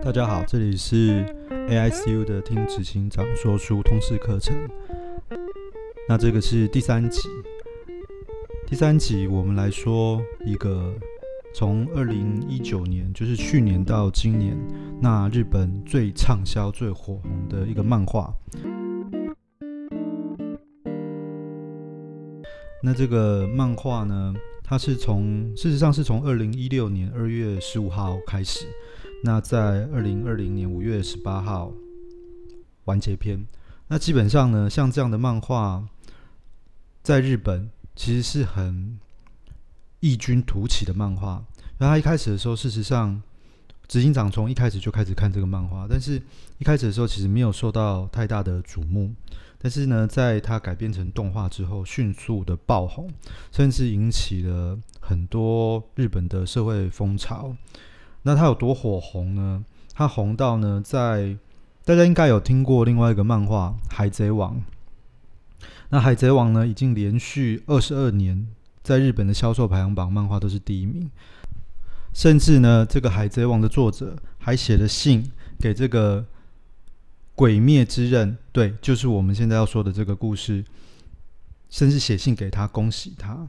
大家好，這裡是 AICU 的聽執行長說書通識課程。那這個是第三集，第三集我們來說一個從2019年，就是去年到今年，那日本最暢銷、最火紅的一個漫畫。那這個漫畫呢，它是從，事實上是從2016年2月15號開始。那在二零二零年五月十八號，完結篇。那基本上呢，像這樣的漫畫，在日本其實是很異軍突起的漫畫。然後他一開始的時候，事實上，執行長從一開始就開始看這個漫畫，但是一開始的時候，其實沒有受到太大的矚目。但是呢，在他改編成動畫之後，迅速的爆紅，甚至引起了很多日本的社會風潮。那他有多火紅呢？他紅到呢，在大家應該有聽過另外一個漫畫《海賊王》。那《海賊王》呢，已經連續二十二年在日本的銷售排行榜漫畫都是第一名。甚至呢，這個《海賊王》的作者還寫了信給這個《鬼滅之刃》，對，就是我們現在要說的這個故事，甚至寫信給他，恭喜他。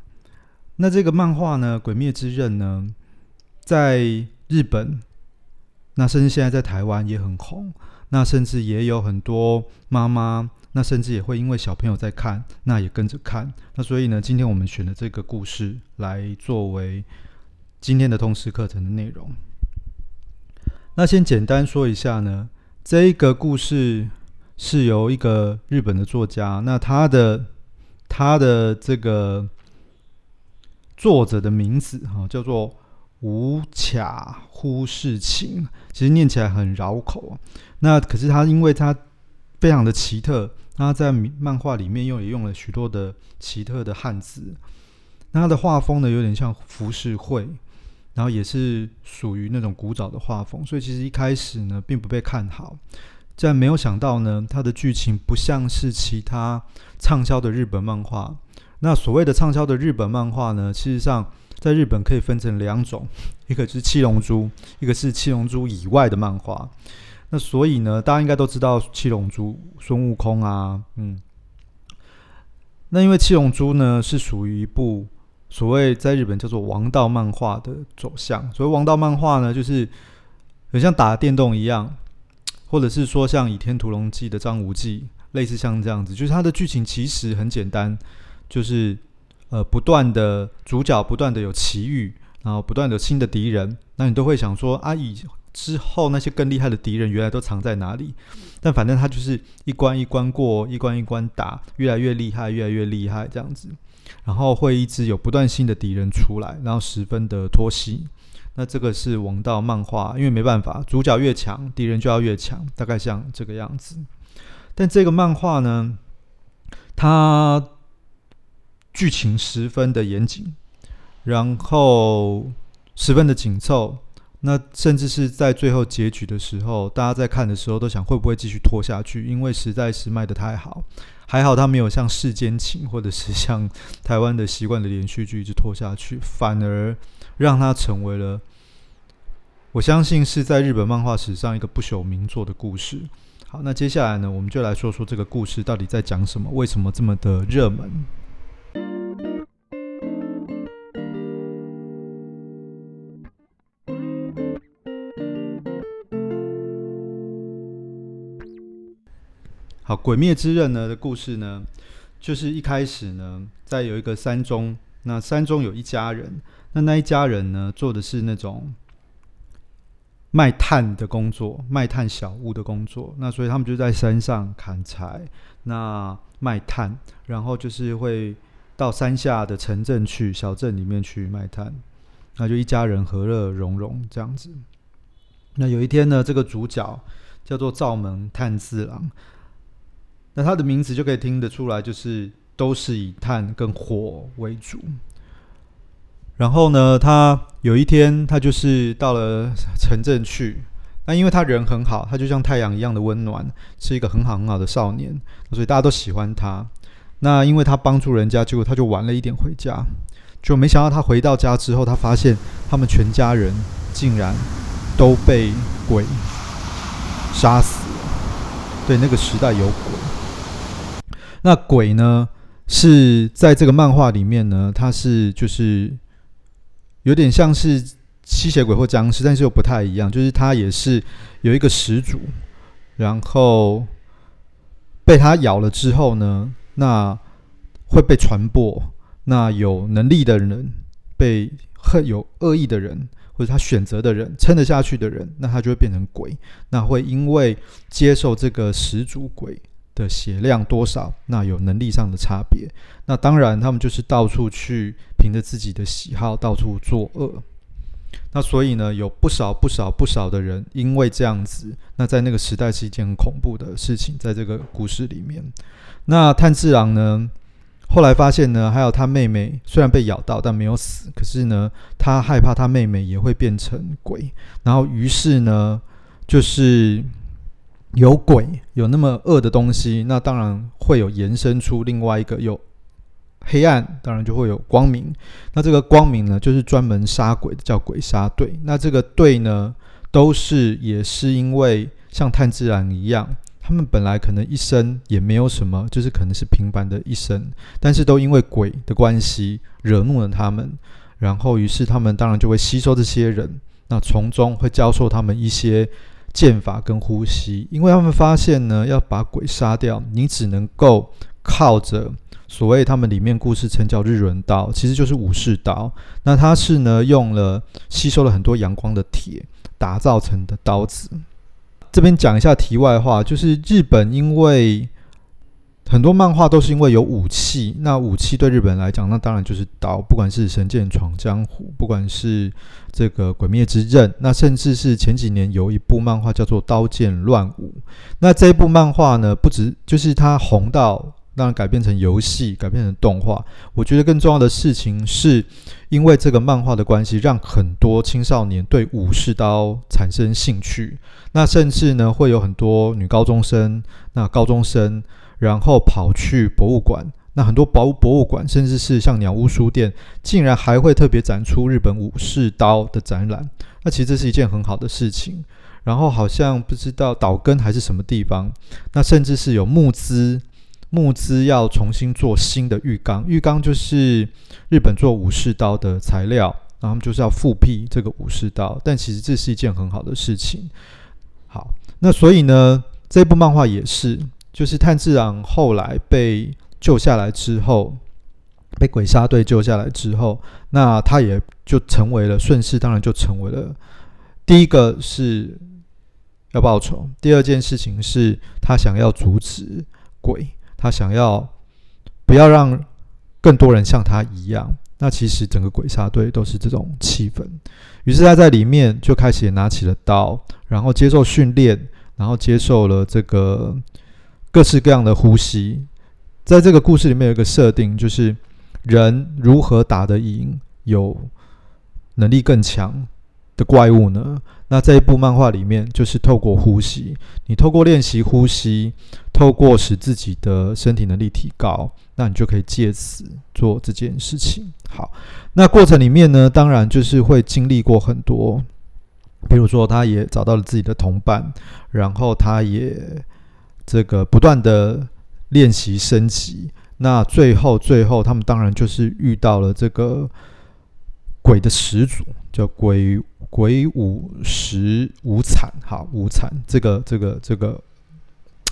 那這個漫畫呢，《鬼滅之刃》呢，在日本，那甚至現在在台灣也很紅，那甚至也有很多媽媽，那甚至也會因為小朋友在看，那也跟着看。那所以呢，今天我們選了這個故事來作為今天的通識課程的內容。那先簡單說一下呢，這一個故事是由一個日本的作家，那他的他的這個作者的名字哈，哦，叫做。吾峠呼世晴，其實念起來很繞口。那可是他，因為他非常的奇特，那他在漫畫裡面又也用了許多的奇特的漢字。那他的畫風呢，有點像浮世繪，然後也是屬於那種古早的畫風，所以其實一開始呢，並不被看好。但沒有想到呢，他的劇情不像是其他暢銷的日本漫畫。那所謂的暢銷的日本漫畫呢，事實上。在日本可以分成兩種，一個是《七龍珠》，一個是《七龍珠》以外的漫畫。那所以呢，大家應該都知道《七龍珠》、孫悟空啊，嗯。那因為《七龍珠》呢是屬於一部所謂在日本叫做“王道漫畫”的走向，所謂“王道漫畫”呢，就是很像打電動一樣，或者是說像《倚天屠龍記》的張無忌，類似像這樣子，就是它的劇情其實很簡單，就是。呃，不斷的主角不斷的有奇遇，然後不斷的新的敵人，那你都會想說，啊，以之後那些更厲害的敵人原來都藏在哪裡？但反正他就是一關一關過，一關一關打，越來越厲害，越來越厲害這樣子，然後會一直有不斷新的敵人出來，然後十分的拖戲。那這個是王道漫畫，因為沒辦法，主角越強，敵人就要越強，大概像這個樣子。但這個漫畫呢，他……劇情十分的嚴謹，然後十分的緊湊。那甚至是在最後結局的時候，大家在看的時候都想會不會繼續拖下去，因為實在是賣得太好。還好他沒有像《世間情》或者是像台灣的習慣的連續劇一直拖下去，反而讓它成為了我相信是在日本漫畫史上一個不朽名作的故事。好，那接下來呢，我們就來說說這個故事到底在講什麼，為什麼這麼的熱門。好，《鬼滅之刃》呢的故事呢，就是一開始呢，在有一個山中，那山中有一家人，那那一家人呢，做的是那種賣炭的工作，賣炭小屋的工作。那所以他們就在山上砍柴，那賣炭，然後就是會到山下的城鎮去，小鎮裡面去賣炭。那就一家人和樂融融這樣子。那有一天呢，這個主角叫做竈門炭治郎。那他的名字就可以聽得出來，就是都是以炭跟火為主。然後呢，他有一天他就是到了城鎮去。那因為他人很好，他就像太陽一樣的溫暖，是一個很好很好的少年，所以大家都喜歡他。那因為他幫助人家，結果他就晚了一點回家，就沒想到他回到家之後，他發現他們全家人竟然都被鬼殺死了。對，那個時代有鬼。那鬼呢，是在這個漫畫裡面呢，它是就是有點像是吸血鬼或殭屍，但是又不太一樣。就是它也是有一個始祖，然後被他咬了之後呢，那會被傳播。那有能力的人、被恨有惡意的人或者他選擇的人撐得下去的人，那他就會變成鬼。那會因為接受這個始祖鬼，的血量，多少？那有能力上的差別。那當然，他們就是到處去憑着自己的喜好到處作惡。那所以呢，有不少不少不少的人，因為這樣子，那在那個時代是一件很恐怖的事情。在這個故事裡面，那炭治郎呢，後來發現呢，還有他妹妹雖然被咬到，但沒有死。可是呢，他害怕他妹妹也會變成鬼。然後於是呢，就是。有鬼，有那麼惡的東西，那當然會有延伸出另外一個有，黑暗，當然就會有光明。那這個光明呢，就是專門殺鬼的，叫鬼殺隊。那這個隊呢，都是也是因為像炭治郎一樣，他們本來可能一生也沒有什麼，就是可能是平凡的一生，但是都因為鬼的關係惹怒了他們，然後於是他們當然就會吸收這些人，那從中會教授他們一些。劍法跟呼吸，因為他們發現呢，要把鬼殺掉，你只能夠靠着所謂他們裡面故事稱叫日輪刀，其實就是武士刀。那它是呢，用了吸收了很多陽光的鐵打造成的刀子。這邊講一下題外話，就是日本因為。很多漫畫都是因為有武器。那武器對日本人來講，那當然就是刀，不管是《神劍闖江湖》，不管是這個《鬼滅之刃》，那甚至是前幾年有一部漫畫叫做《刀劍亂舞》。那這一部漫畫呢，不止就是它紅到，讓人改編成遊戲、改編成動畫。我覺得更重要的事情是，因為這個漫畫的關係，讓很多青少年對武士刀產生興趣。那甚至呢，會有很多女高中生、那高中生。然後跑去博物館，那很多博博物館，甚至是像蔦屋書店，竟然還會特別展出日本武士刀的展覽。那其實這是一件很好的事情。然後好像不知道島根還是什麼地方，那甚至是有募資，募資要重新做新的玉鋼，玉鋼就是日本做武士刀的材料，然後他們就是要復辟這個武士刀。但其實這是一件很好的事情。好，那所以呢，這部漫畫也是。就是炭治郎後來被救下來之後，被鬼殺隊救下來之後，那他也就成為了順勢，當然就成為了第一個是要報仇。第二件事情是他想要阻止鬼，他想要不要讓更多人像他一樣。那其實整個鬼殺隊都是這種氣氛，於是他在裡面就開始也拿起了刀，然後接受訓練，然後接受了這個。各式各樣的呼吸，在這個故事裡面有一個設定，就是人如何打得贏有能力更強的怪物呢？那這一部漫畫裡面，就是透過呼吸，你透過練習呼吸，透過使自己的身體能力提高，那你就可以借此做這件事情。好，那過程裡面呢，當然就是會經歷過很多，比如說他也找到了自己的同伴，然後他也這個不斷的練習升級，那最後最後他們當然就是遇到了這個鬼的始祖，叫鬼、鬼舞辻無慘，好，無慘，這個這個這個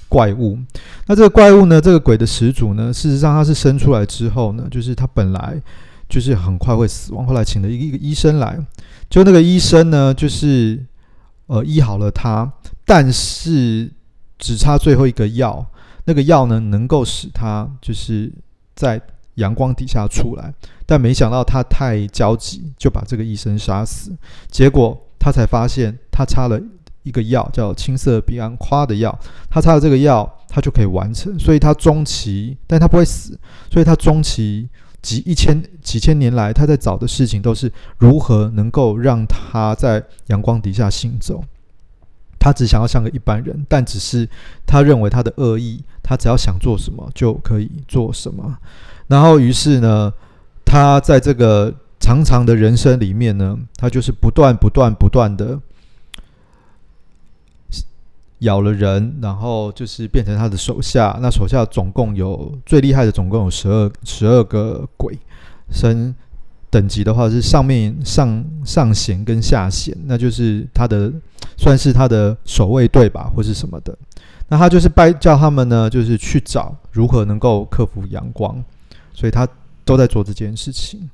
怪物。那這個怪物呢，這個鬼的始祖呢，事實上他是生出來之後呢，就是他本來就是很快會死亡，後來請了一個一個醫生來，就那個醫生呢，就是呃醫好了他，但是。只差最後一個藥，那個藥呢，能夠使他就是在陽光底下出來。但沒想到他太焦急，就把這個醫生殺死。結果他才發現，他插了一個藥叫青色彼岸花的藥。他插了這個藥，他就可以完成。所以他中期，但他不會死。所以他中期幾，一千幾千年來，他在找的事情都是如何能夠讓他在陽光底下行走。他只想要像個一般人，但只是他認為他的惡意，他只要想做什麼就可以做什麼。然後於是呢，他在這個長長的人生裡面呢，他就是不斷不斷不斷的咬了人，然後就是變成他的手下。那手下總共有最厲害的，總共有十二十二個鬼神。等級的話是上面上上弦跟下弦，那就是他的算是他的守衛隊吧，或是什麼的。那他就是拜叫他們呢，就是去找如何能夠克服陽光，所以他都在做這件事情。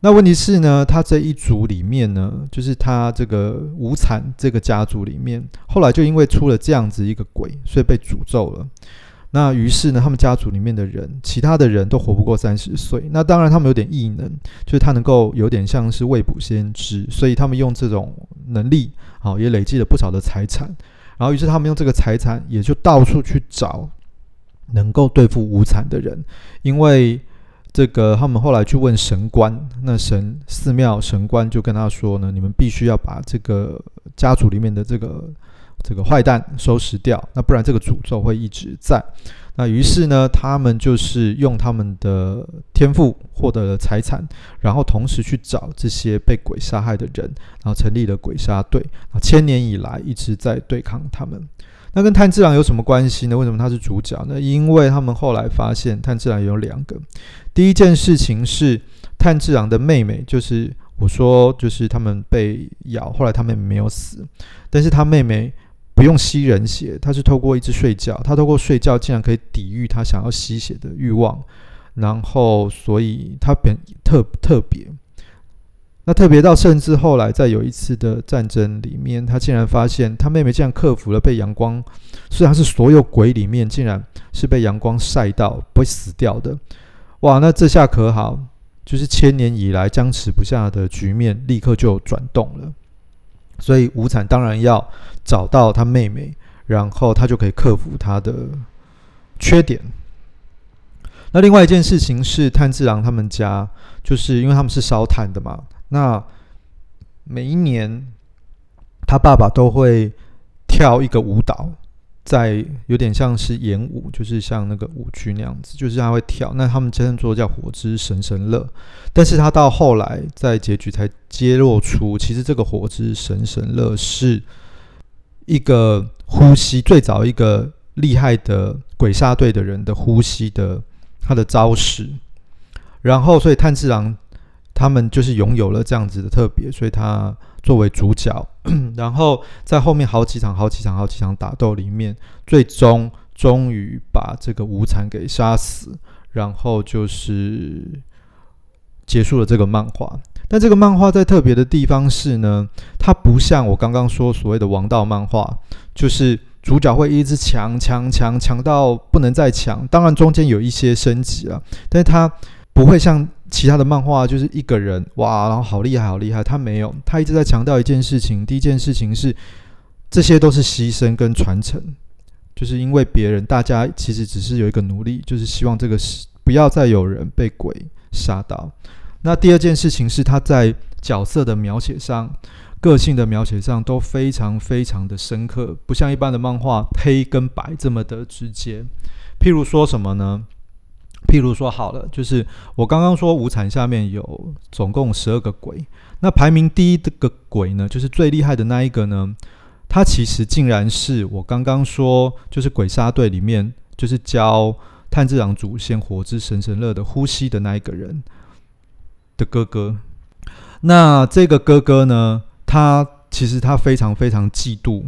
那問題是呢，他這一族裡面呢，就是他這個無慘這個家族裡面，後來就因為出了這樣子一個鬼，所以被詛咒了。那於是呢，他們家族裡面的人，其他的人都活不過三十歲。那當然，他們有點異能，就是他能夠有點像是未卜先知，所以他們用這種能力，好、哦、也累積了不少的財產。然後，於是他們用這個財產，也就到處去找能夠對付無慘的人。因為這個，他們後來去問神官，那神寺廟神官就跟他說呢：“你們必須要把這個家族裡面的這個。”這個壞蛋收拾掉，那不然這個詛咒會一直在。那於是呢，他們就是用他們的天賦獲得了財產，然後同時去找這些被鬼殺害的人，然後成立了鬼殺隊。千年以來一直在對抗他們。那跟炭治郎有什麼關係呢？為什麼他是主角呢？因為他們後來發現炭治郎有兩個。第一件事情是炭治郎的妹妹，就是我說就是他們被咬，後來他妹妹沒有死，但是他妹妹。不用吸人血，他是透過一直睡覺，他透過睡覺竟然可以抵禦他想要吸血的慾望，然後所以他本特特別，那特別到甚至後來在有一次的戰爭裡面，他竟然發現他妹妹竟然克服了被陽光，雖然是所有鬼裡面，竟然是被陽光曬到不會死掉的，哇，那這下可好，就是千年以來僵持不下的局面立刻就轉動了。所以無慘當然要找到他妹妹，然後他就可以克服他的缺點。那另外一件事情是，炭治郎他們家就是因為他們是燒炭的嘛，那每一年他爸爸都會跳一個舞蹈。在有點像是演舞，就是像那個舞劇那樣子，就是他會跳。那他們真正做的叫火之神神樂，但是他到後來在結局才揭露出，其實這個火之神神樂是一個呼吸，最早一個厲害的鬼殺隊的人的呼吸的他的招式，然後所以炭治郎他們就是擁有了這樣子的特別，所以他。作為主角，然後在後面好幾場、好幾場、好幾場打鬥裡面，最終終於把這個無慘給殺死，然後就是結束了這個漫畫。但這個漫畫在特別的地方是呢，它不像我剛剛說所謂的王道漫畫，就是主角會一直強、強、強、強到不能再強。當然中間有一些升級了啊，但是它不會像。其他的漫畫就是一個人哇，然後好厲害，好厲害。他沒有，他一直在強調一件事情。第一件事情是，這些都是犧牲跟傳承，就是因為別人，大家其實只是有一個努力，就是希望這個是不要再有人被鬼殺到。那第二件事情是，他在角色的描寫上、個性的描寫上都非常非常的深刻，不像一般的漫畫黑跟白這麼的直接。譬如說什麼呢？譬如說，好了，就是我剛剛說無慘下面有總共十二個鬼，那排名第一的個鬼呢，就是最厲害的那一個呢，他其實竟然是我剛剛說就，就是鬼殺隊裡面就是教炭治郎祖先火之神神樂的呼吸的那一個人的哥哥。那這個哥哥呢，他其實他非常非常嫉妒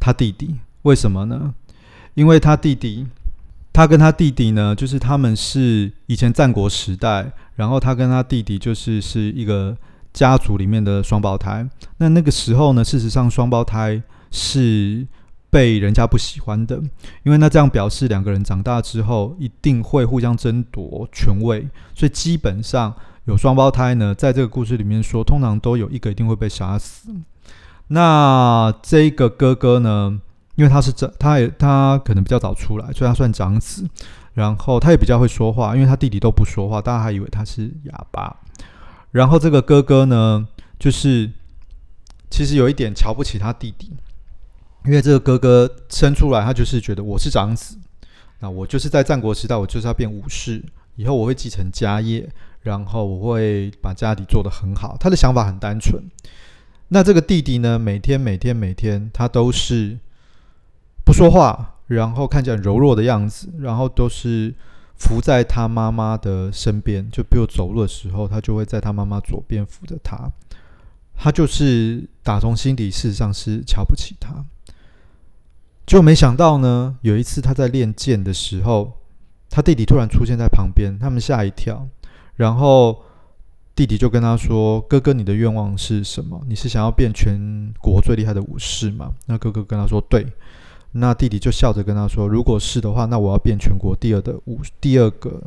他弟弟，為什麼呢？因為他弟弟。他跟他弟弟呢，就是他們是以前戰國時代，然後他跟他弟弟就是是一個家族裡面的雙胞胎。那那個時候呢，事實上雙胞胎是被人家不喜歡的，因為那這樣表示兩個人長大之後一定會互相爭奪權位，所以基本上有雙胞胎呢，在這個故事裡面說，通常都有一個一定會被殺死。那這個哥哥呢，因為他是這，他也他可能比較早出來，所以他算長子。然後他也比較會說話，因為他弟弟都不說話，大家還以為他是啞巴。然後這個哥哥呢，就是其實有一點瞧不起他弟弟，因為這個哥哥生出來，他就是覺得我是長子，那我就是在戰國時代，我就是要變武士，以後我會繼承家業，然後我會把家裡做得很好。他的想法很單純。那這個弟弟呢，每天每天每天，他都是，不說話，然後看起來柔弱的樣子，然後都是扶在他媽媽的身邊。就比如走路的時候，他就會在他媽媽左邊扶着他。他就是打從心底事實上是瞧不起他。就沒想到呢，有一次他在練劍的時候，他弟弟突然出現在旁邊，他們嚇一跳。然後弟弟就跟他說：“哥哥，你的願望是什麼？你是想要變全國最厲害的武士嗎？”那哥哥跟他說：“對。”那弟弟就笑着跟他說：“如果是的話，那我要變全國第二的武，第二個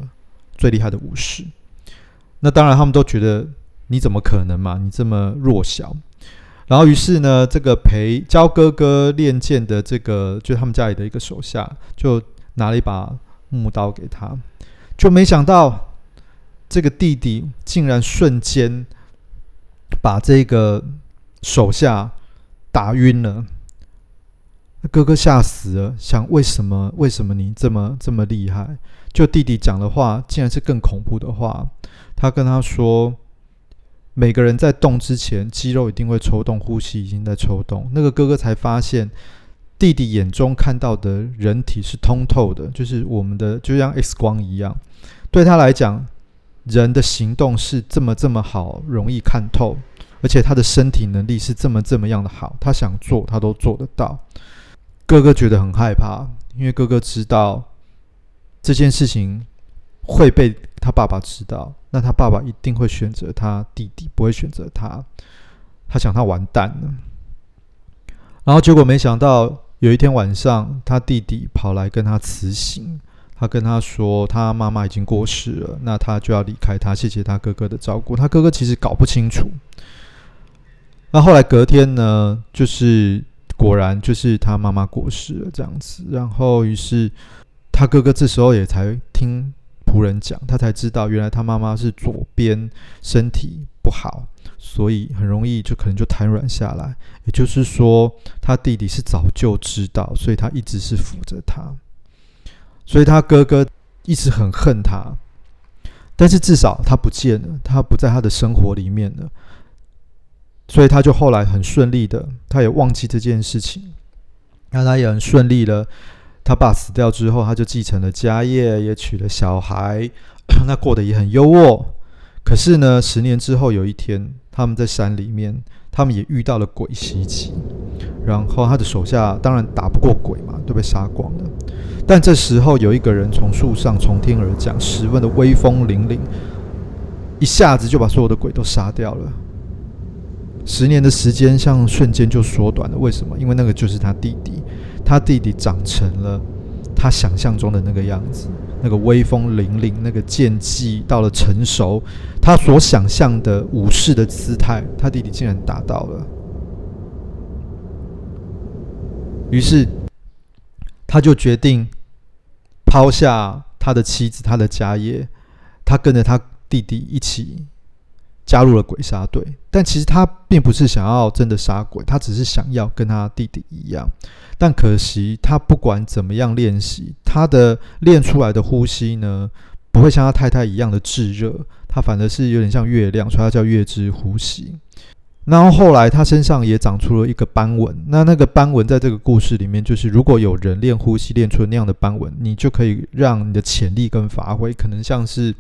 最厲害的武士。”那當然，他們都覺得你怎麼可能嘛？你這麼弱小。然後，於是呢，這個陪教哥哥練劍的這個，就他們家裡的一個手下，就拿了一把木刀給他，就沒想到這個弟弟竟然瞬間把這個手下打暈了。哥哥嚇死了，想為什麼？為什麼你這麼這麼厲害？就弟弟講的話，竟然是更恐怖的話。他跟他說，每個人在動之前，肌肉一定會抽動，呼吸已經在抽動。那個哥哥才發現，弟弟眼中看到的人體是通透的，就是我們的，就像 X 光一樣。對他來講，人的行動是這麼這麼好，容易看透，而且他的身體能力是這麼這麼樣的好，他想做，他都做得到。哥哥覺得很害怕，因為哥哥知道這件事情會被他爸爸知道，那他爸爸一定會選擇他弟弟，不會選擇他。他想他完蛋了。然後結果沒想到，有一天晚上，他弟弟跑來跟他辭行，他跟他說，他媽媽已經過世了，那他就要離開他，謝謝他哥哥的照顧。他哥哥其實搞不清楚。那後來隔天呢，就是。果然就是他媽媽過世了這樣子，然後於是他哥哥這時候也才聽僕人講，他才知道原來他媽媽是左邊身體不好，所以很容易就可能就癱軟下來。也就是說，他弟弟是早就知道，所以他一直是扶着他，所以他哥哥一直很恨他，但是至少他不見了，他不在他的生活裡面了。所以他就後來很順利的，他也忘記這件事情，那他也很順利了。他爸死掉之後，他就繼承了家業，也娶了小孩，那過得也很優渥。可是呢，十年之後有一天，他們在山裡面，他們也遇到了鬼襲擊，然後他的手下當然打不過鬼嘛，都被殺光了。但這時候有一個人從樹上從天而降，十分的威風凜凜，一下子就把所有的鬼都殺掉了。十年的時間像瞬間就縮短了，為什麼？因為那個就是他弟弟，他弟弟長成了他想象中的那個樣子，那個威風凜凜，那個劍技到了成熟，他所想象的武士的姿態，他弟弟竟然達到了。於是，他就決定拋下他的妻子、他的家業，他跟着他弟弟一起。加入了鬼殺隊，但其實他並不是想要真的殺鬼，他只是想要跟他弟弟一樣。但可惜，他不管怎麼樣練習，他的練出來的呼吸呢，不會像他太太一樣的炙熱，他反而是有點像月亮，所以他叫月之呼吸。然後後來，他身上也長出了一個斑紋。那那個斑紋在這個故事裡面，就是如果有人練呼吸練出那樣的斑紋，你就可以讓你的潛力更發揮，可能像是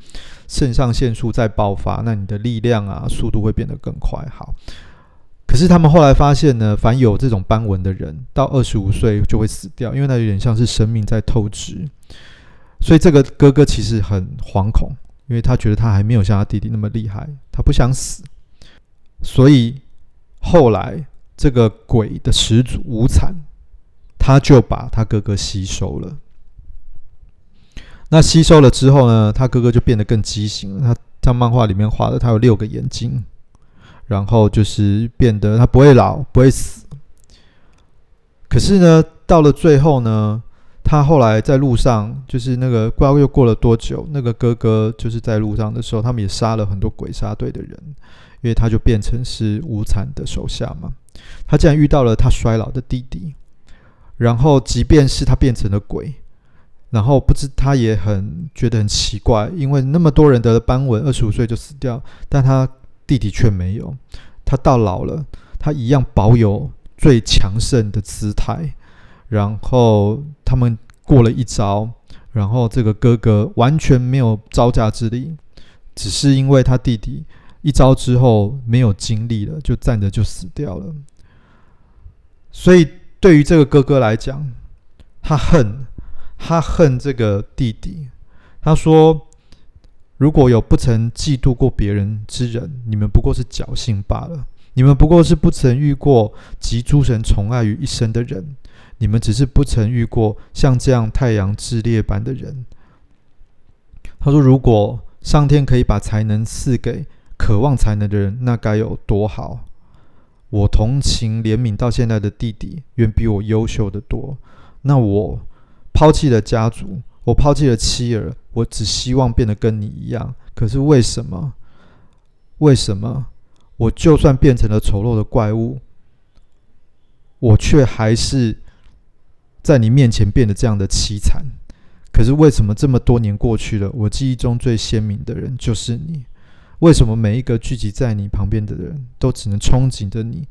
腎上腺素在爆發，那你的力量啊、速度會變得更快。好，可是他們後來發現呢，凡有這種斑紋的人，到二十五歲就會死掉，因為他有點像是生命在透支。所以這個哥哥其實很惶恐，因為他覺得他還沒有像他弟弟那麼厲害，他不想死。所以後來，這個鬼的始祖無慘，他就把他哥哥吸收了。那吸收了之後呢，他哥哥就變得更畸形了。他，在漫畫裡面畫的，他有六個眼睛，然後就是變得他不會老，不會死。可是呢，到了最後呢，他後來在路上，就是那個不知道又過了多久，那個哥哥就是在路上的時候，他們也殺了很多鬼殺隊的人。因為他就變成是無慘的手下嘛，他竟然遇到了他衰老的弟弟，然後即便是他變成了鬼，然後不知他也很覺得很奇怪，因為那麼多人得了斑紋，二十五歲就死掉，但他弟弟卻沒有，他到老了，他一樣保有最強盛的姿態，然後他們過了一招，然後這個哥哥完全沒有招架之力，只是因為他弟弟。一招之後沒有精力了，就站着就死掉了。所以對於這個哥哥來講，他恨，他恨這個弟弟。他說：“如果有不曾嫉妒過別人之人，你們不過是僥幸罷了；你們不過是不曾遇過集諸神寵愛於一身的人；你們只是不曾遇過像這樣太陽熾烈般的人。”他說：“如果上天可以把才能賜給。”渴望才能的人，那該有多好！我同情、憐憫到現在的弟弟，遠比我優秀得多。那我拋棄了家族，我拋棄了妻兒，我只希望變得跟你一樣。可是為什麼？為什麼？我就算變成了醜陋的怪物，我卻還是在你面前變得這樣的淒慘。可是為什麼這麼多年過去了，我記憶中最鮮明的人就是你？為什麼每一個聚集在你旁邊的人都只能憧憬着你，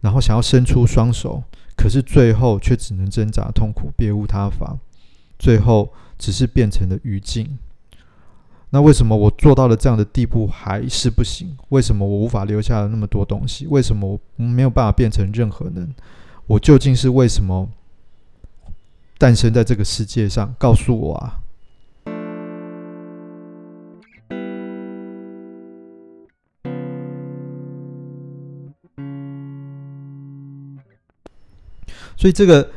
然後想要伸出雙手，可是最後卻只能掙扎痛苦，別無他法，最後只是變成了餘燼。那為什麼我做到了這樣的地步還是不行？為什麼我無法留下了那麼多東西？為什麼我沒有辦法變成任何人？我究竟是為什麼誕生在這個世界上？告訴我啊！所以這個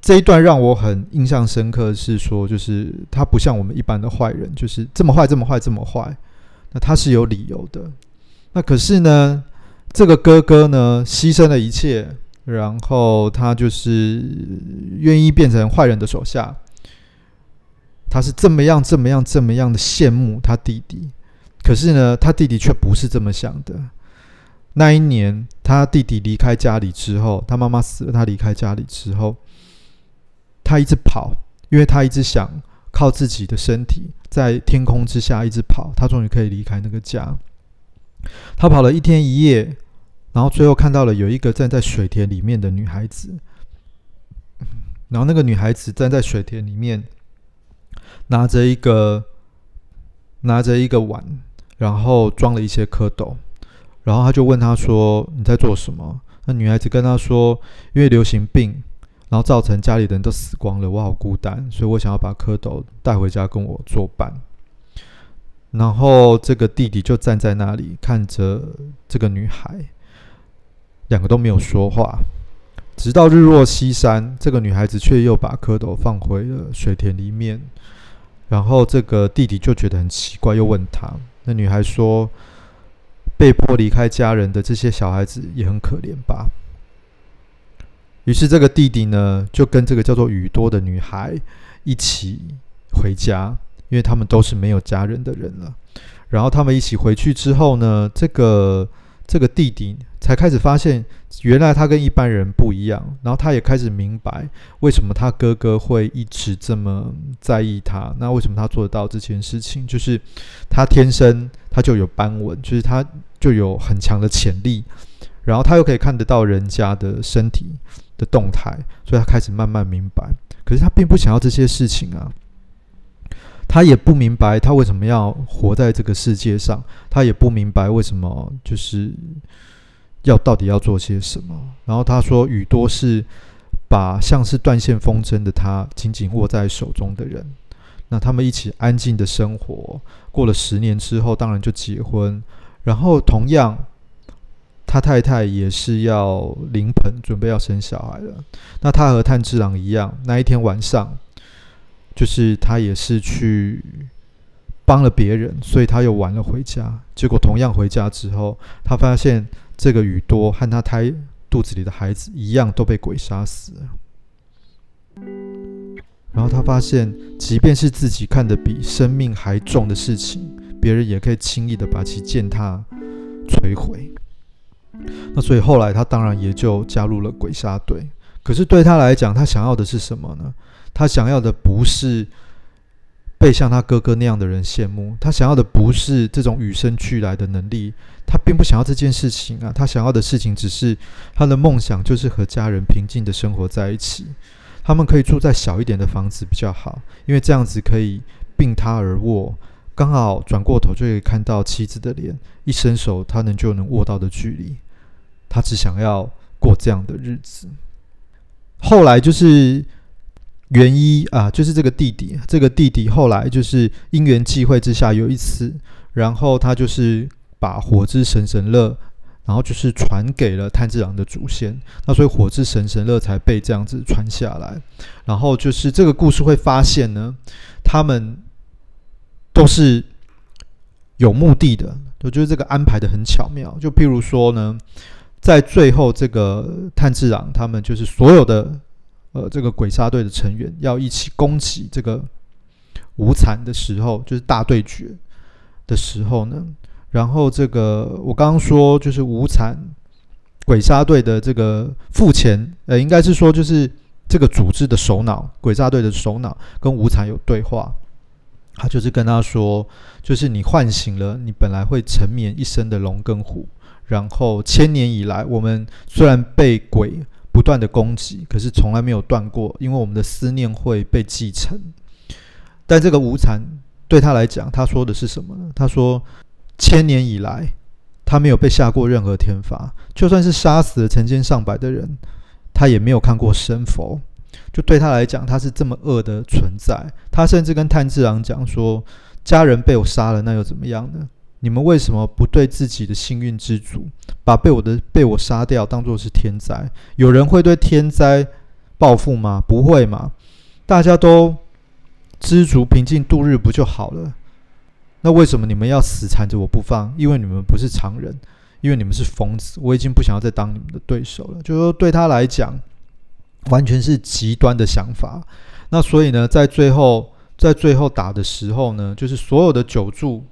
這一段讓我很印象深刻，是說就是他不像我們一般的壞人，就是這麼壞，這麼壞，這麼壞。那他是有理由的。那可是呢，這個哥哥呢，犧牲了一切，然後他就是願意變成壞人的手下。他是這麼樣，這麼樣，這麼樣的羨慕他弟弟，可是呢，他弟弟卻不是這麼想的。那一年。他弟弟離開家裡之後，他媽媽死了。他離開家裡之後，他一直跑，因為他一直想靠自己的身體在天空之下一直跑。他終於可以離開那個家。他跑了一天一夜，然後最後看到了有一個站在水田裡面的女孩子。然後那個女孩子站在水田裡面，拿着一個拿着一個碗，然後裝了一些蝌蚪。然後他就問他說：“你在做什麼？”那女孩子跟他說：“因為流行病，然後造成家裡的人都死光了，我好孤單，所以我想要把蝌蚪帶回家跟我作伴。”然後這個弟弟就站在那裡看着這個女孩，兩個都沒有說話，直到日落西山，這個女孩子卻又把蝌蚪放回了水田裡面。然後這個弟弟就覺得很奇怪，又問他，那女孩說。被迫離開家人的這些小孩子也很可憐吧。於是這個弟弟呢，就跟這個叫做雨多的女孩一起回家，因為他們都是沒有家人的人了。然後他們一起回去之後呢，這個這個弟弟才開始發現，原來他跟一般人不一樣。然後他也開始明白，為什麼他哥哥會一直這麼在意他。那為什麼他做得到這件事情？就是他天生。他就有斑紋，就是他就有很強的潛力，然後他又可以看得到人家的身體的動態，所以他開始慢慢明白。可是他並不想要這些事情啊，他也不明白他為什麼要活在這個世界上，他也不明白為什麼就是要到底要做些什麼。然後他說：“宇多是把像是斷線風箏的他緊緊握在手中的人。”那他們一起安靜的生活，過了十年之後，當然就結婚。然後同樣，他太太也是要臨盆，準備要生小孩了。那他和炭治郎一樣，那一天晚上，就是他也是去幫了別人，所以他又晚了回家。結果同樣回家之後，他發現這個雨多和他胎肚子裡的孩子一樣，都被鬼殺死了。然後他發現，即便是自己看得比生命還重的事情，別人也可以輕易的把其踐踏、摧毀。那所以後來他當然也就加入了鬼殺隊。可是對他來講，他想要的是什麼呢？他想要的不是被像他哥哥那樣的人羨慕，他想要的不是這種與生俱來的能力，他並不想要這件事情啊。他想要的事情只是，他的夢想就是和家人平靜的生活在一起。他們可以住在小一點的房子比較好，因為這樣子可以並榻而臥，剛好轉過頭就可以看到妻子的臉，一伸手他能就能握到的距離。他只想要過這樣的日子。後來就是原因啊，就是這個弟弟，這個弟弟後來就是因緣際會之下有一次，然後他就是把火之神神樂。然後就是傳給了炭治郎的祖先，那所以火之神神樂才被這樣子傳下來。然後就是這個故事會發現呢，他們都是有目的的。我覺得這個安排的很巧妙。就譬如說呢，在最後這個炭治郎他們就是所有的呃這個鬼殺隊的成員要一起攻擊這個無慘的時候，就是大對決的時候呢。然後這個，我剛剛說就是無慘鬼殺隊的這個付錢，呃，應該是說就是這個組織的首腦，鬼殺隊的首腦跟無慘有對話，他就是跟他說，就是你喚醒了你本來會沉眠一生的龍跟虎，然後千年以來，我們雖然被鬼不斷的攻擊，可是從來沒有斷過，因為我們的思念會被繼承。但這個無慘對他來講，他說的是什麼呢？他說。千年以來，他沒有被下過任何天罰，就算是殺死了成千上百的人，他也沒有看過神佛。就對他來講，他是這麼惡的存在。他甚至跟炭治郎講說：“家人被我殺了，那又怎麼樣呢？你們為什麼不對自己的幸運之主，把被我的被我殺掉當做是天災？有人會對天災報復嗎？不會嗎？大家都知足平靜度日，不就好了？”那為什麼你們要死纏着我不放？因為你們不是常人，因為你們是瘋子。我已經不想要再當你們的對手了。就是說，對他來講，完全是極端的想法。那所以呢，在最後，在最後打的時候呢，就是所有的九柱，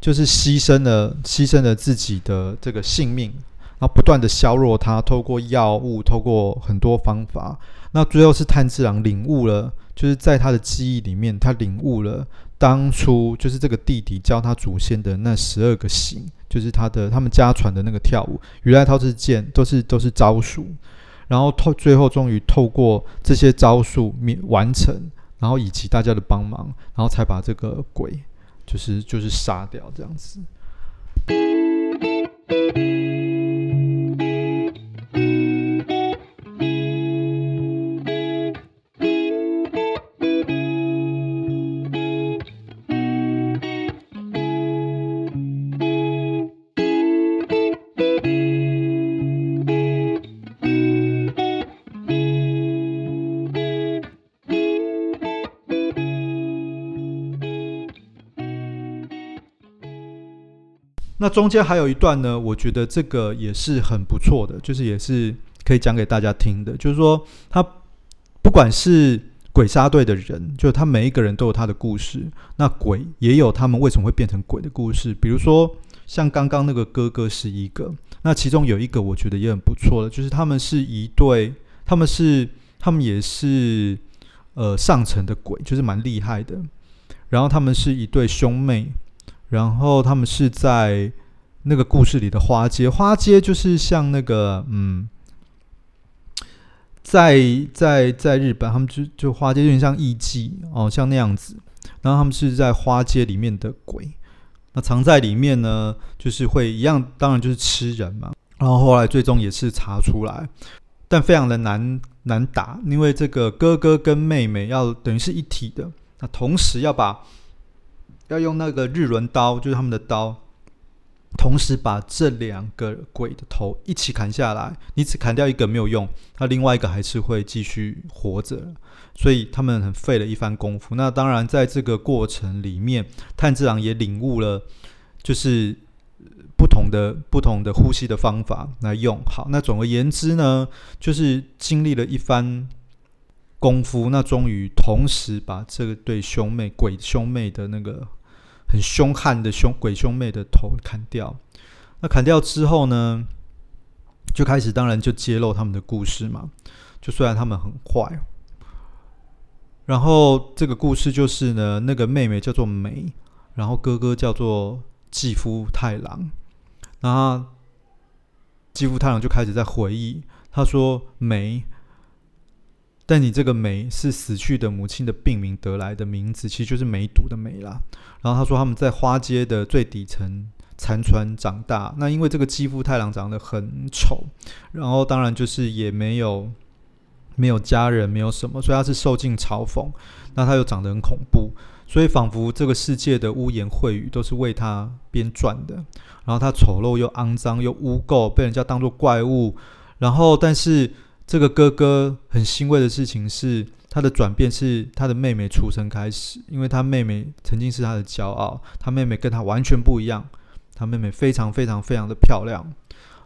就是犧牲了，犧牲了自己的這個性命，然後不斷的削弱他，透過藥物，透過很多方法。那最後是炭治郎領悟了，就是在他的記憶裡面，他領悟了。當初就是這個弟弟教他祖先的那十二個型，就是他的他們家傳的那個跳舞，原來他是劍，都是都是招數，然後透最後終於透過這些招數完成，然後以及大家的幫忙，然後才把這個鬼就是就是殺掉這樣子。嗯那中間還有一段呢，我覺得這個也是很不錯的，就是也是可以講給大家聽的。就是說，他不管是鬼殺隊的人，就他每一個人都有他的故事。那鬼也有他們為什麼會變成鬼的故事。比如說，像剛剛那個哥哥是一個，那其中有一個我覺得也很不錯的，就是他們是一對，他們是他們也是呃上層的鬼，就是蠻厲害的。然後他們是一對兄妹。然後他們是在那個故事裡的花街，花街就是像那個，嗯，在在在日本，他們就就花街有點像藝妓哦，像那樣子。然後他們是在花街裡面的鬼，那藏在裡面呢，就是會一樣，當然就是吃人嘛。然後後來最終也是查出來，但非常的難難打，因為這個哥哥跟妹妹要等於是一體的，那同時要把。要用那個日輪刀，就是他們的刀，同時把這兩個鬼的頭一起砍下來。你只砍掉一個沒有用，那另外一個還是會繼續活着，所以他們很費了一番功夫。那當然，在這個過程裡面，炭治郎也領悟了，就是不同的不同的呼吸的方法來用。好，那總而言之呢，就是經歷了一番功夫，那終於同時把這個對兄妹鬼兄妹的那個。很兇悍的凶鬼兄妹的頭砍掉，那砍掉之後呢，就開始當然就揭露他們的故事嘛。就雖然他們很壞，然後這個故事就是呢，那個妹妹叫做梅，然後哥哥叫做妓夫太郎。然後妓夫太郎就開始在回憶，他說梅。但你這個梅是死去的母親的病名得來的名字，其實就是梅毒的梅啦。然後他說他們在花街的最底層殘喘長大。那因為這個妓夫太郎長得很醜，然後當然就是也沒有沒有家人，沒有什麼，所以他是受盡嘲諷。那他又長得很恐怖，所以仿佛這個世界的污言穢語都是為他編撰的。然後他醜陋又骯髒又污,又污垢，被人家當作怪物。然後但是。這個哥哥很欣慰的事情是，他的轉變是他的妹妹出生開始，因為他妹妹曾經是他的驕傲，他妹妹跟他完全不一樣，他妹妹非常非常非常的漂亮，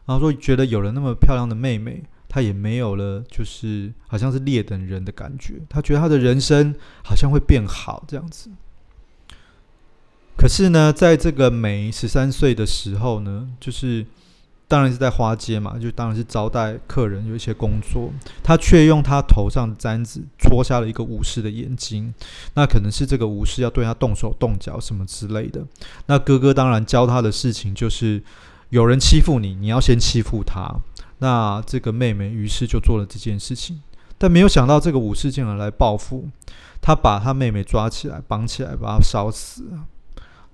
然後說覺得有了那麼漂亮的妹妹，他也沒有了，就是好像是劣等人的感覺，他覺得他的人生好像會變好這樣子。可是呢，在這個妹十三歲的時候呢，就是。當然是在花街嘛，就當然是招待客人有一些工作。他卻用他頭上的簪子戳瞎了一個武士的眼睛。那可能是這個武士要對他動手動腳什麼之類的。那哥哥當然教他的事情就是，有人欺負你，你要先欺負他。那這個妹妹於是就做了這件事情，但沒有想到這個武士竟然來報復，他把他妹妹抓起來綁起來，把他燒死。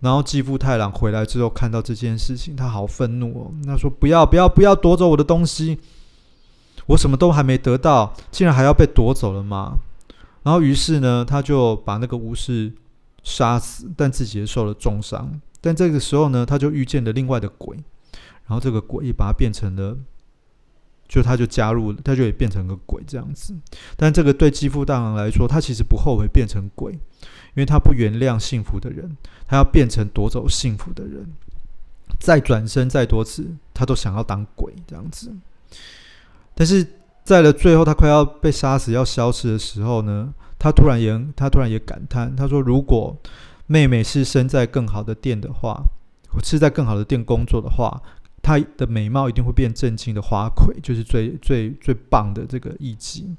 然後繼父太郎回來之後，看到這件事情，他好憤怒哦。他說：“不要，不要，不要奪走我的東西！我什麼都還沒得到，竟然還要被奪走了嗎？”然後於是呢，他就把那個巫師殺死，但自己也受了重傷。但這個時候呢，他就遇見了另外的鬼，然後這個鬼也把他變成了，就他就加入，他就也變成個鬼這樣子。但這個對繼父太郎來說，他其實不後悔變成鬼。因為他不原諒幸福的人，他要變成奪走幸福的人，再轉身再多次，他都想要當鬼這樣子。但是在了最後，他快要被殺死、要消失的時候呢，他突然也他突然也感嘆，他說：“如果妹妹是生在更好的店的話，是在更好的店工作的話，她的美貌一定會變正經的花魁”，就是最最最棒的這個意境。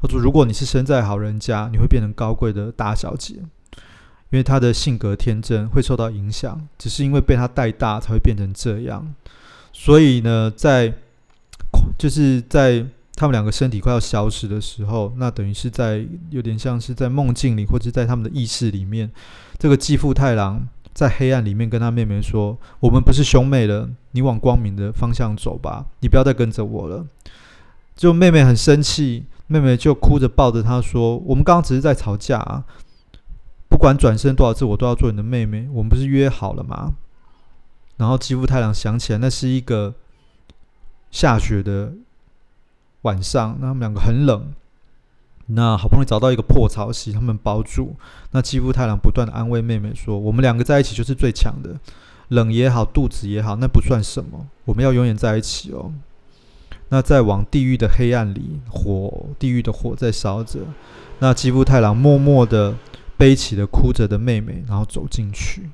他說：“如果你是身在好人家，你會變成高貴的大小姐，因為她的性格天真會受到影響。只是因為被他帶大，才會變成這樣。所以呢，在就是在他們兩個身體快要消失的時候，那等於是在有點像是在夢境裡，或者是在他們的意識裡面，這個炭治郎在黑暗裡面跟他妹妹說：‘我們不是兄妹了，你往光明的方向走吧，你不要再跟着我了。’就妹妹很生氣。”妹妹就哭着抱着他說：“我們剛剛只是在吵架，啊，不管轉身多少次，我都要做你的妹妹。我們不是約好了嗎？”然後炭治郎想起來，那是一個下雪的晚上，那他們兩個很冷，那好不容易找到一個破草蓆，他們包住。那炭治郎不斷的安慰妹妹說：“我們兩個在一起就是最強的，冷也好，肚子也好，那不算什麼。我們要永遠在一起哦。”那在往地獄的黑暗裡，火地獄的火在燒着。那炭治郎默默地背起了哭着的妹妹，然後走進去。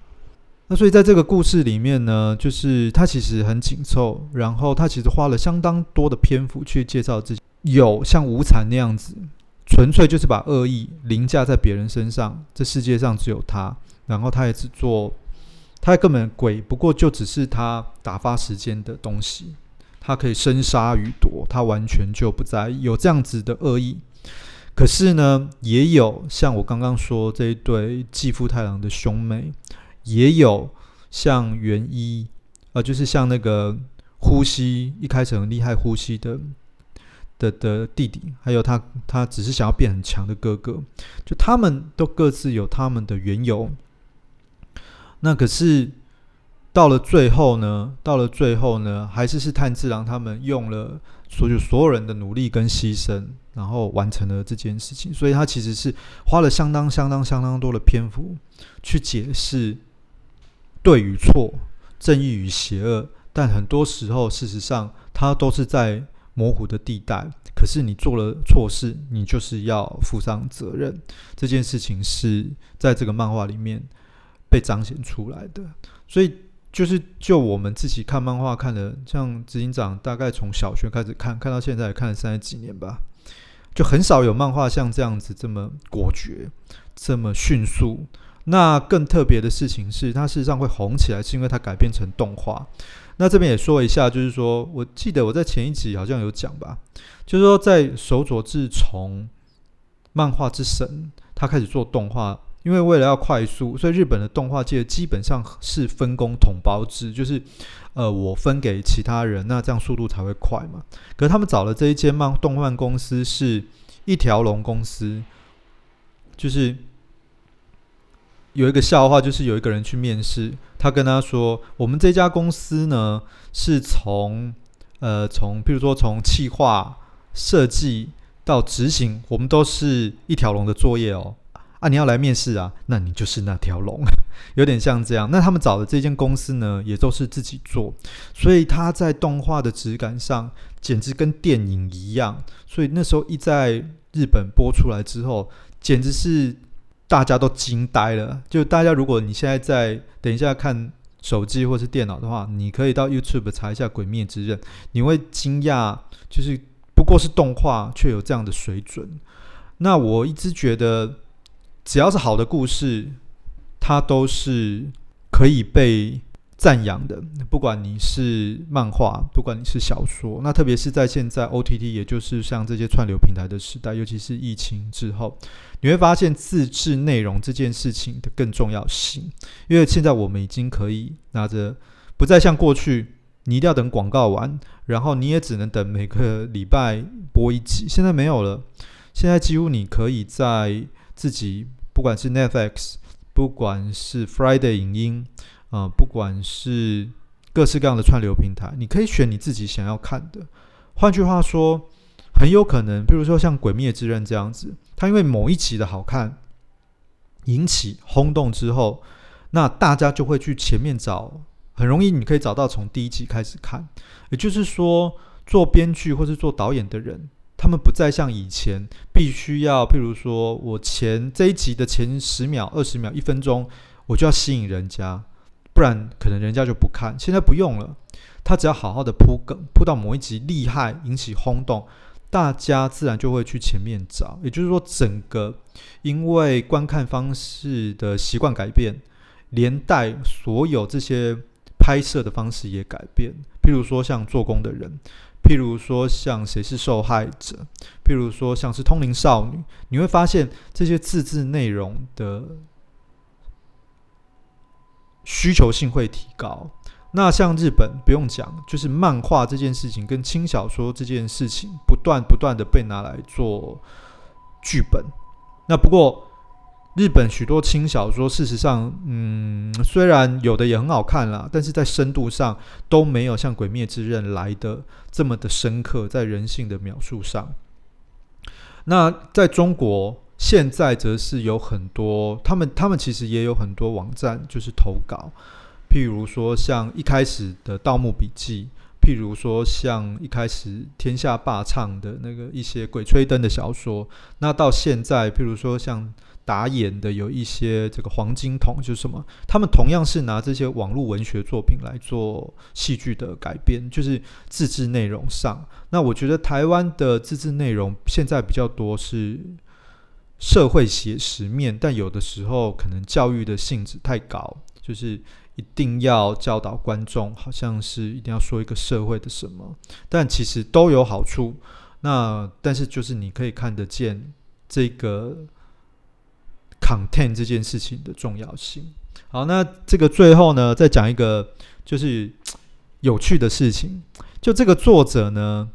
那所以在這個故事裡面呢，就是他其實很緊湊，然後他其實花了相當多的篇幅去介紹自己。有像無慘那樣子，純粹就是把惡意凌駕在別人身上，這世界上只有他。然後他也只做，他也根本鬼，不過就只是他打發時間的東西。他可以生殺予奪，他完全就不在意，有這樣子的惡意。可是呢，也有像我剛剛說這一對炭治郎的兄妹，也有像元一，呃，就是像那個呼吸一開始很厲害呼吸的的的弟弟，還有他他只是想要變很強的哥哥，就他們都各自有他們的緣由。那可是。到了最後呢，到了最後呢，還是是炭治郎他們用了所有所有人的努力跟犧牲，然後完成了這件事情。所以他其實是花了相當相當相當多的篇幅去解釋對與錯、正義與邪惡。但很多時候，事實上，它都是在模糊的地帶。可是你做了錯事，你就是要負上責任。這件事情是在這個漫畫裡面被彰顯出來的。所以。就是就我們自己看漫畫看的，像執行長，大概從小學開始看，看到現在也看了三十幾年吧，就很少有漫畫像這樣子這麼果決、這麼迅速。那更特別的事情是，它事實上會紅起來，是因為它改編成動畫。那這邊也說一下，就是說我記得我在前一集好像有講吧，就是說在手塚治蟲漫畫之神他開始做動畫。因為為了要快速，所以日本的動畫界基本上是分工統包制，就是，呃，我分給其他人，那這樣速度才會快嘛。可是他們找了這一間漫動漫公司是一條龍公司，就是有一個笑話，就是有一個人去面試，他跟他說：“我們這家公司呢，是從呃從譬如說從企劃設計到執行，我們都是一條龍的作業哦。”啊，你要來面試啊？那你就是那條龍，有點像這樣。那他們找的這間公司呢，也都是自己做，所以他在動畫的質感上簡直跟電影一樣。所以那時候一在日本播出來之後，簡直是大家都驚呆了。就大家，如果你現在在等一下看手機或是電腦的話，你可以到 YouTube 查一下《鬼滅之刃》，你會驚訝，就是不過是動畫卻有這樣的水準。那我一直覺得。只要是好的故事，它都是可以被讚揚的。不管你是漫畫，不管你是小說，那特別是在現在 OTT，也就是像這些串流平台的時代，尤其是疫情之後，你會發現自制內容這件事情的更重要性。因為現在我們已經可以拿着，不再像過去，你一定要等廣告完，然後你也只能等每個禮拜播一集。現在沒有了，現在幾乎你可以在自己不管是 Netflix，不管是 Friday 影音，啊、呃，不管是各式各樣的串流平台，你可以選你自己想要看的。換句話說，很有可能，比如說像《鬼滅之刃》這樣子，它因為某一集的好看引起轟動之後，那大家就會去前面找，很容易你可以找到從第一集開始看。也就是說，做編劇或是做導演的人，他們不再像以前，必須要，譬如說我前這一集的前十秒、二十秒、一分鐘，我就要吸引人家，不然可能人家就不看。現在不用了，他只要好好的鋪梗，鋪到某一集厲害，引起轟動，大家自然就會去前面找。也就是說，整個因為觀看方式的習慣改變，連帶所有這些拍攝的方式也改變。譬如說，像做工的人。譬如說，像誰是受害者？譬如說，像是通靈少女，你會發現這些自製內容的需求性會提高。那像日本，不用講，就是漫畫這件事情跟輕小說這件事情，不斷不斷的被拿來做劇本。那不過。日本許多輕小說，事實上，嗯，雖然有的也很好看啦，但是在深度上都沒有像《鬼滅之刃》來的這麼的深刻，在人性的描述上。那在中國現在則是有很多，他們他們其實也有很多網站就是投稿，譬如說像一開始的《盜墓筆記》，譬如說像一開始天下霸唱的那個一些《鬼吹燈》的小說，那到現在譬如說像。打演的有一些這個黃金桶，就是什麼？他們同樣是拿這些網絡文學作品來做戲劇的改編，就是自制內容上。那我覺得台灣的自制內容現在比較多是社會寫實面，但有的時候可能教育的性質太高，就是一定要教導觀眾，好像是一定要說一個社會的什麼，但其實都有好處。那但是就是你可以看得見這個。Content 這件事情的重要性。好，那這個最後呢，再講一個就是有趣的事情。就這個作者呢，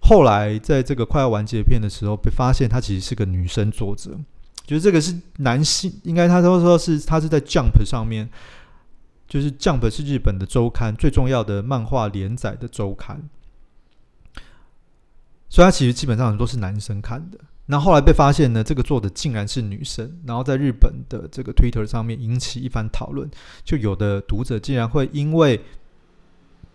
後來在這個快要完結篇的時候，被發現他其實是個女生作者。就是這個是男性，應該他都說是他是在 Jump 上面，就是 Jump 是日本的週刊最重要的漫畫連載的週刊，所以他其實基本上很多都是男生看的。那後，後來被發現呢，這個作者竟然是女生，然後在日本的這個 Twitter 上面引起一番討論，就有的讀者竟然會因為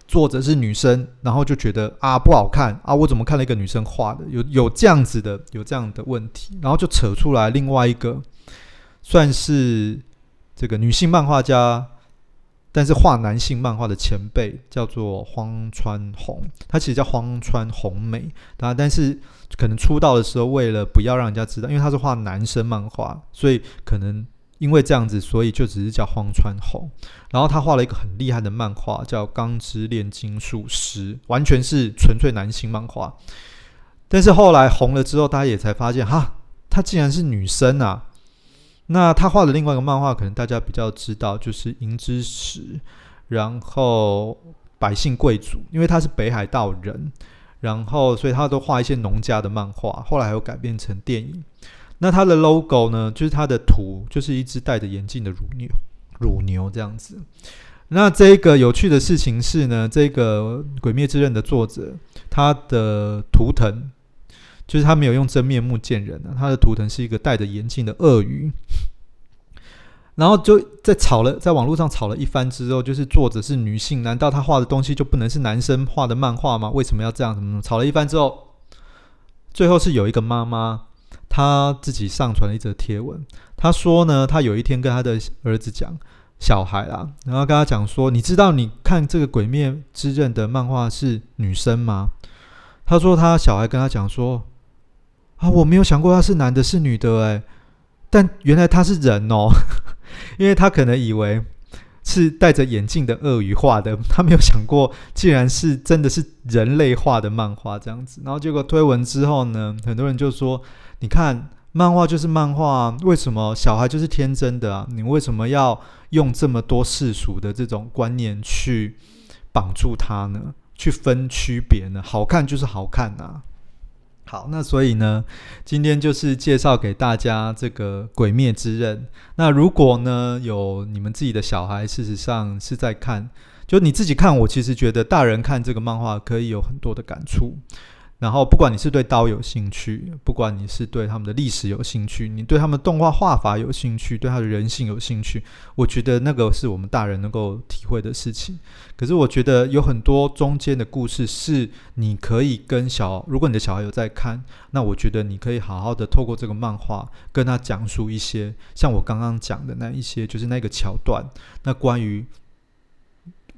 作者是女生，然後就覺得啊不好看啊，我怎麼看了一個女生畫的？有有這樣子的有這樣的問題，然後就扯出來另外一個算是這個女性漫畫家。但是畫男性漫畫的前輩叫做荒川弘，他其實叫荒川弘美，啊，但是可能出道的時候為了不要讓人家知道，因為他是畫男生漫畫，所以可能因為這樣子，所以就只是叫荒川弘。然後他畫了一個很厲害的漫畫叫《鋼之煉金術師》，完全是純粹男性漫畫。但是後來紅了之後，大家也才發現，哈，他竟然是女生啊！那他畫的另外一個漫畫，可能大家比較知道，就是《銀之匙》。然後《百姓貴族》，因為他是北海道人，然後所以他都畫一些農家的漫畫，後來還有改編成電影。那他的 logo 呢，就是他的圖，就是一隻戴着眼鏡的乳牛，乳牛這樣子。那這個有趣的事情是呢，這個《鬼滅之刃》的作者，他的圖騰。就是他沒有用真面目見人啊，他的圖騰是一個戴着眼鏡的鱷魚，然後就在吵了，在網絡上吵了一番之後，就是作者是女性，難道他畫的東西就不能是男生畫的漫畫嗎？為什麼要這樣？什麼？吵了一番之後，最後是有一個媽媽，她自己上傳了一則貼文，她說呢，她有一天跟她的兒子講，小孩啊，然後跟他講說，你知道你看這個《鬼滅之刃》的漫畫是女生嗎？她說她小孩跟她講說。啊、哦，我沒有想過他是男的，是女的，哎，但原來他是人哦，因為他可能以為是戴着眼鏡的鱷魚畫的，他沒有想過，竟然是真的是人類畫的漫畫這樣子。然後結果推文之後呢，很多人就說：你看，漫畫就是漫畫，為什麼小孩就是天真的啊？你為什麼要用這麼多世俗的這種觀念去綁住他呢？去分區別呢？好看就是好看啊。好，那所以呢，今天就是介紹給大家這個《鬼滅之刃》。那如果呢，有你們自己的小孩，事實上是在看，就你自己看。我其實覺得大人看這個漫畫可以有很多的感觸。然後，不管你是對刀有興趣，不管你是對他們的歷史有興趣，你對他們動畫畫法有興趣，對他的人性有興趣，我覺得那個是我們大人能夠體會的事情。可是，我覺得有很多中間的故事，是你可以跟小，如果你的小孩有在看，那我覺得你可以好好的透過這個漫畫跟他講述一些，像我剛剛講的那一些，就是那個橋段，那關於。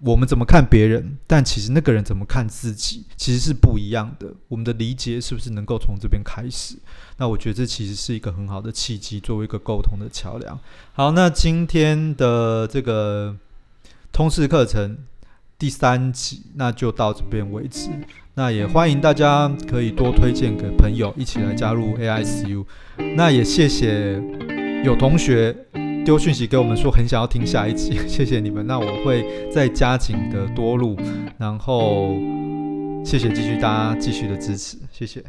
我們怎麼看別人，但其實那個人怎麼看自己，其實是不一樣的。我們的理解是不是能夠從這邊開始？那我覺得這其實是一個很好的契機，作為一個溝通的橋梁。好，那今天的這個通識課程第三集，那就到這邊為止。那也歡迎大家可以多推薦給朋友，一起來加入 AICU。那也謝謝有同學。丟訊息給我們說很想要聽下一集，謝謝你們，那我會再加緊的多錄，然後謝謝繼續大家繼續的支持，謝謝。